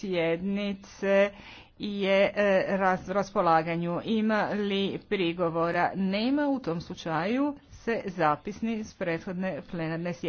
sjednice je e, raspolaganju. Ima li prigovora? Nema. U tom slučaju se zapisni s prethodne plenarne sjednice.